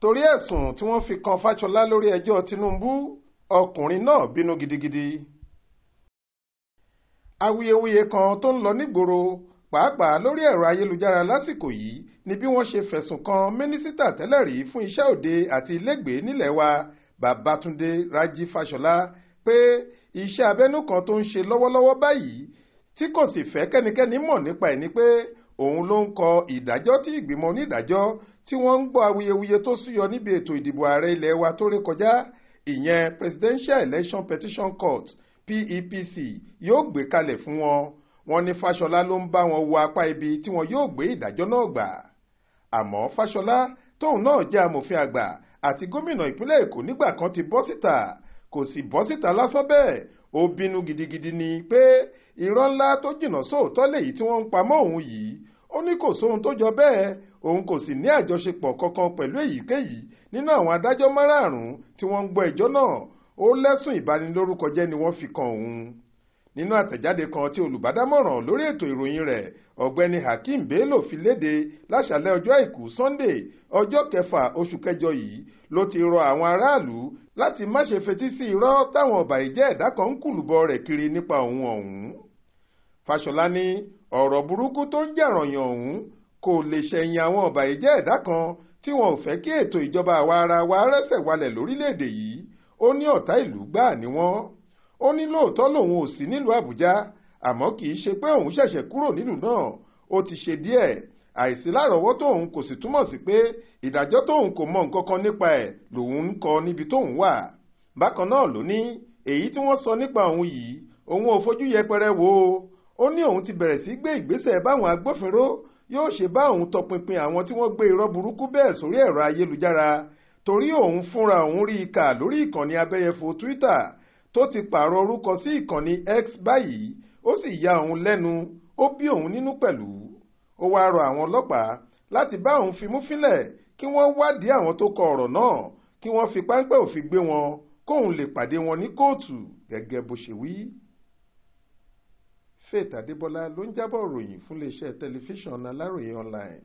torí ẹ̀sùn tí wọ́n fi kan Fáṣọlá lórí ẹjọ́ Tinubu ọkùnrin náà bínú gidigidi awuyewuye kan tó ń lọ nígboro pàápàá lórí ẹ̀rọ ayélujára lásìkò yìí ni bí wọ́n ṣe fẹ̀sùn kan mínísítà tẹ́lẹ̀ rí fún iṣẹ́ òde àti ilégbèé nílẹ̀ wa Babátúndé Rájí Fáṣọlá pé iṣẹ́ abẹ́nú kan tó ń ṣe lọ́wọ́lọ́wọ́ báyìí tí kò sì fẹ́ kẹ́nikẹ́ni mọ̀ nípa ẹ̀ ni pé òun ló ń kọ ìdájọ́ tí ìgbìmọ̀ onídàájọ́ tí wọ́n ń gbọ́ awuyewuye tó súyọ níbi ètò ìdìbò ààrẹ ilẹ̀ wa tó ré kọjá ìyẹn Presidential Election Petition Court PEPC yóò gbé kalẹ̀ fún wọn wọ́n ní Fáṣọlá ló ń bá wọn wo apá ibi tí wọn yóò gbé ìdájọ́ náà gbà àmọ́ Fáṣọlá tóun náà jẹ́ amòfin àgbà àti gómìnà ìpínlẹ̀ Èkó nígbà kan ti bọ́ síta kò sì bọ́ síta lásán bẹ́ẹ̀ ó bínú gidigidi ni pé irọ́ ńlá tó jìnnà sóòótọ́ lèyí tí wọ́n ń pamọ́ òun yìí ó ní kò sóhun tó jọ bẹ́ẹ̀ òun kò sì ní àjọṣepọ̀ kankan pẹ̀lú èyíkéyìí nínú àwọn adájọ́ márààrún tí wọ́n ń gbọ́ ẹjọ́ náà ó lẹ́sùn ìbanilórúkọjẹ́ ni wọ́n fi kan òun nínú àtẹ̀jáde kan tí olùbádámọ̀ràn lórí ètò ìròyìn rẹ̀ ọ̀gbẹ́ni Hakeem Bello fi léde láṣàlẹ̀ ọjọ́ àìkú Sunday ọjọ́ kẹfà oṣù kẹjọ yìí ló ti rọ àwọn aráàlú láti má ṣe fetí sí irọ́ táwọn ọ̀bàyéjẹ́ ẹ̀dá kan ń kùlùbọ rẹ̀ kiri nípa òun ọ̀hún. Fáṣọlá ní ọ̀rọ̀ burúkú tó ń jàrànyàn ọ̀hún kò lè ṣẹ̀yìn àwọn ọ̀bàyéjẹ́ ẹ̀dá kan tí wọn ò fẹ́ kí ètò ìjọba àwa ara wa rẹ́sẹ̀ walẹ̀ lórílẹ̀‐èdè yìí ó ní ọ̀tá ìlú gbáà ni wọ́n ó ní lóòótọ́ lòun ò sí nílùú àbújá àmọ́ kì í ṣe pé òun ṣẹ̀ṣẹ̀ kúrò nílùú náà ó ti ṣe díẹ̀ àìsí lárọ̀ọ́wọ́ tóun kò sì túmọ̀ sí pé ìdájọ́ tóun kò mọ nǹkan kan nípa ẹ̀ lòun ń kọ níbi tóun wà bákan náà ló ní èyí tí wọ́n sọ nípa òun yìí òun ò fojú yẹpẹrẹ wò ó ní òun ti bẹ̀rẹ̀ sí gbé ìgbésẹ̀ báwọn agbófinró yóò ṣe bá òun tọpinpin àwọn tí wọ́n gbé irọ́ burúkú bẹ́ẹ̀ sórí ẹ̀rọ ayélujára torí òun fúnra òun rí i kà lórí ìkànnì abẹ́yẹfò Twitter tó ti pààrọ̀ orúkọ sí ìkànnì x báyìí ó sì ya òun lẹ́nu ó bí òun nínú pẹ̀lú ó wáá rọ àwọn ọlọ́pàá láti bá òun fimú fínlẹ̀ kí wọ́n wádìí àwọn tó kọ ọ̀rọ̀ náà kí wọ́n fi páńpẹ́ òfin gbé wọn kóun lè pàdé wọn ní kóòtù gẹ́gẹ́ bó ṣe wí. Faith Adébọlá ló ń jábọ̀ ròyìn fún iléeṣẹ́ tẹlifíṣàn Aláròye online.